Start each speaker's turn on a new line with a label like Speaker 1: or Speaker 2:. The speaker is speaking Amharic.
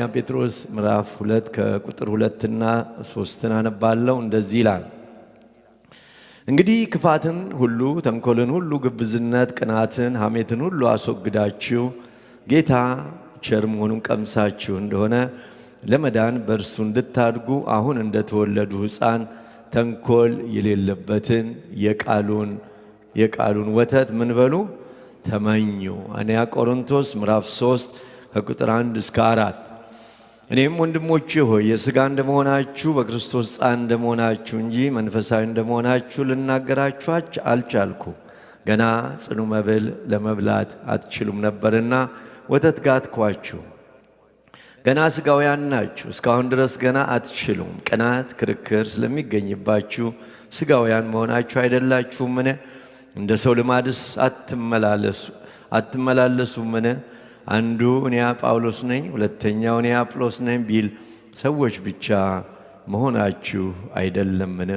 Speaker 1: ያ ጴጥሮስ ምዕራፍ ሁለት ከቁጥር ሁለትና ሶስትን አነባለው። እንደዚህ ይላል እንግዲህ ክፋትን ሁሉ፣ ተንኮልን ሁሉ፣ ግብዝነት፣ ቅናትን፣ ሐሜትን ሁሉ አስወግዳችሁ ጌታ ቸር መሆኑን ቀምሳችሁ እንደሆነ ለመዳን በእርሱ እንድታድጉ አሁን እንደተወለዱ ሕፃን ተንኮል የሌለበትን የቃሉን የቃሉን ወተት ምን በሉ ተመኙ። አንያ ቆሮንቶስ ምዕራፍ 3 ከቁጥር 1 እስከ 4 እኔም ወንድሞች ሆይ የሥጋ እንደመሆናችሁ በክርስቶስ ሕፃን እንደመሆናችሁ እንጂ መንፈሳዊ እንደመሆናችሁ ልናገራችኋች አልቻልኩ። ገና ጽኑ መብል ለመብላት አትችሉም ነበርና ወተት ጋትኳችሁ። ገና ሥጋውያን ናችሁ፣ እስካሁን ድረስ ገና አትችሉም። ቅናት፣ ክርክር ስለሚገኝባችሁ ሥጋውያን መሆናችሁ አይደላችሁምን? እንደ ሰው ልማድስ አትመላለሱምን? አንዱ እኔ ጳውሎስ ነኝ፣ ሁለተኛው እኔ አጵሎስ ነኝ ቢል ሰዎች ብቻ መሆናችሁ አይደለምን?